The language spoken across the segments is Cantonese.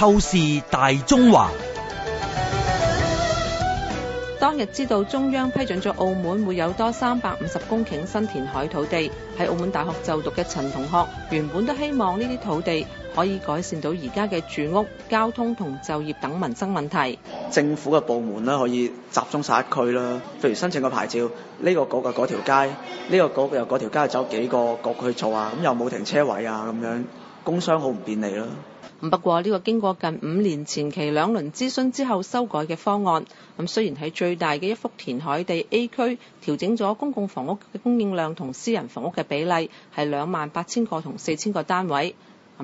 透視大中華。當日知道中央批准咗澳門會有多三百五十公頃新填海土地，喺澳門大學就讀嘅陳同學原本都希望呢啲土地可以改善到而家嘅住屋、交通同就業等民生問題。政府嘅部門啦，可以集中晒一區啦。譬如申請個牌照，呢、呢個局嗰條街，呢、呢個局嗰條街，走幾個局去做啊？咁又冇停車位啊？咁樣工商好唔便利咯。不過，呢個經過近五年前期兩輪諮詢之後修改嘅方案，咁雖然喺最大嘅一幅填海地 A 區調整咗公共房屋嘅供應量同私人房屋嘅比例，係兩萬八千個同四千個單位。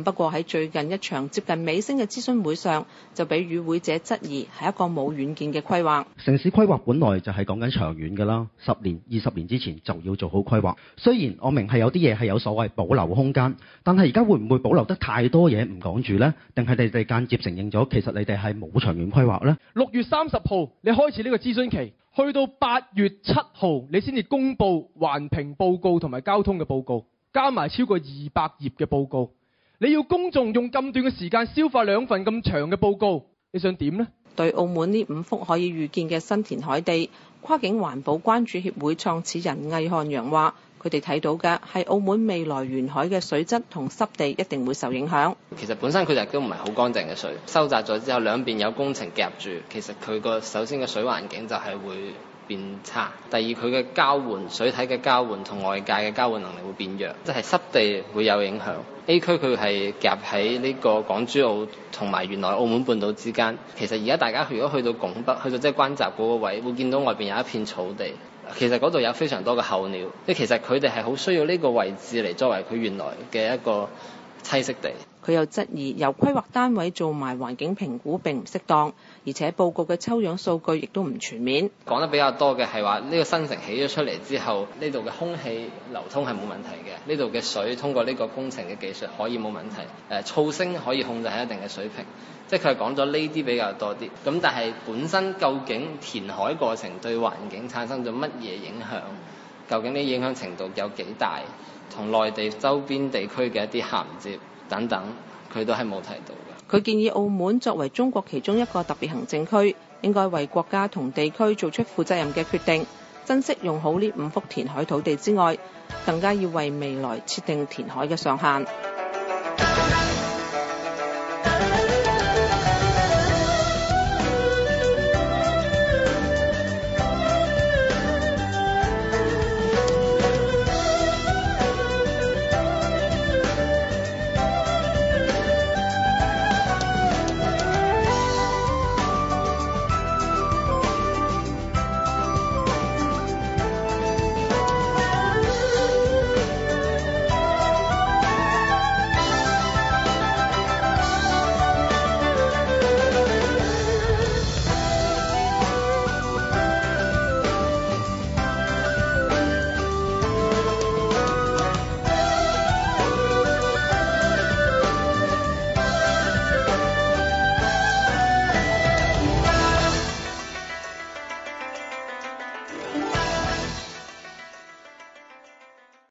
不過喺最近一場接近尾聲嘅諮詢會上，就俾與會者質疑係一個冇遠見嘅規劃。城市規劃本來就係講緊長遠㗎啦，十年、二十年之前就要做好規劃。雖然我明係有啲嘢係有所謂保留空間，但係而家會唔會保留得太多嘢唔講住呢？定係你哋間接承認咗其實你哋係冇長遠規劃呢？六月三十號你開始呢個諮詢期，去到八月七號你先至公佈環評報告同埋交通嘅報告，加埋超過二百頁嘅報告。你要公眾用咁短嘅時間消化兩份咁長嘅報告，你想點呢？對澳門呢五幅可以預見嘅新填海地，跨境環保關注協會創始人魏漢陽話，佢哋睇到嘅係澳門未來沿海嘅水質同濕地一定會受影響。其實本身佢哋都唔係好乾淨嘅水，收窄咗之後兩邊有工程夾住，其實佢個首先嘅水環境就係會變差。第二，佢嘅交換水體嘅交換同外界嘅交換能力會變弱，即係濕地會有影響。A 區佢係夾喺呢個港珠澳同埋原來澳門半島之間。其實而家大家如果去到拱北，去到即係關閘嗰個位，會見到外邊有一片草地。其實嗰度有非常多嘅候鳥，即係其實佢哋係好需要呢個位置嚟作為佢原來嘅一個棲息地。佢又質疑由規劃單位做埋環境評估並唔適當，而且報告嘅抽樣數據亦都唔全面。講得比較多嘅係話，呢個新城起咗出嚟之後，呢度嘅空氣流通係冇問題嘅，呢度嘅水通過呢個工程嘅技術可以冇問題，誒、呃、噪聲可以控制喺一定嘅水平。即係佢講咗呢啲比較多啲。咁但係本身究竟填海過程對環境產生咗乜嘢影響？究竟呢影響程度有幾大？同內地周邊地區嘅一啲銜接？等等，佢都係冇提到嘅。佢建議澳門作為中國其中一個特別行政區，應該為國家同地區做出負責任嘅決定，珍惜用好呢五幅填海土地之外，更加要為未來設定填海嘅上限。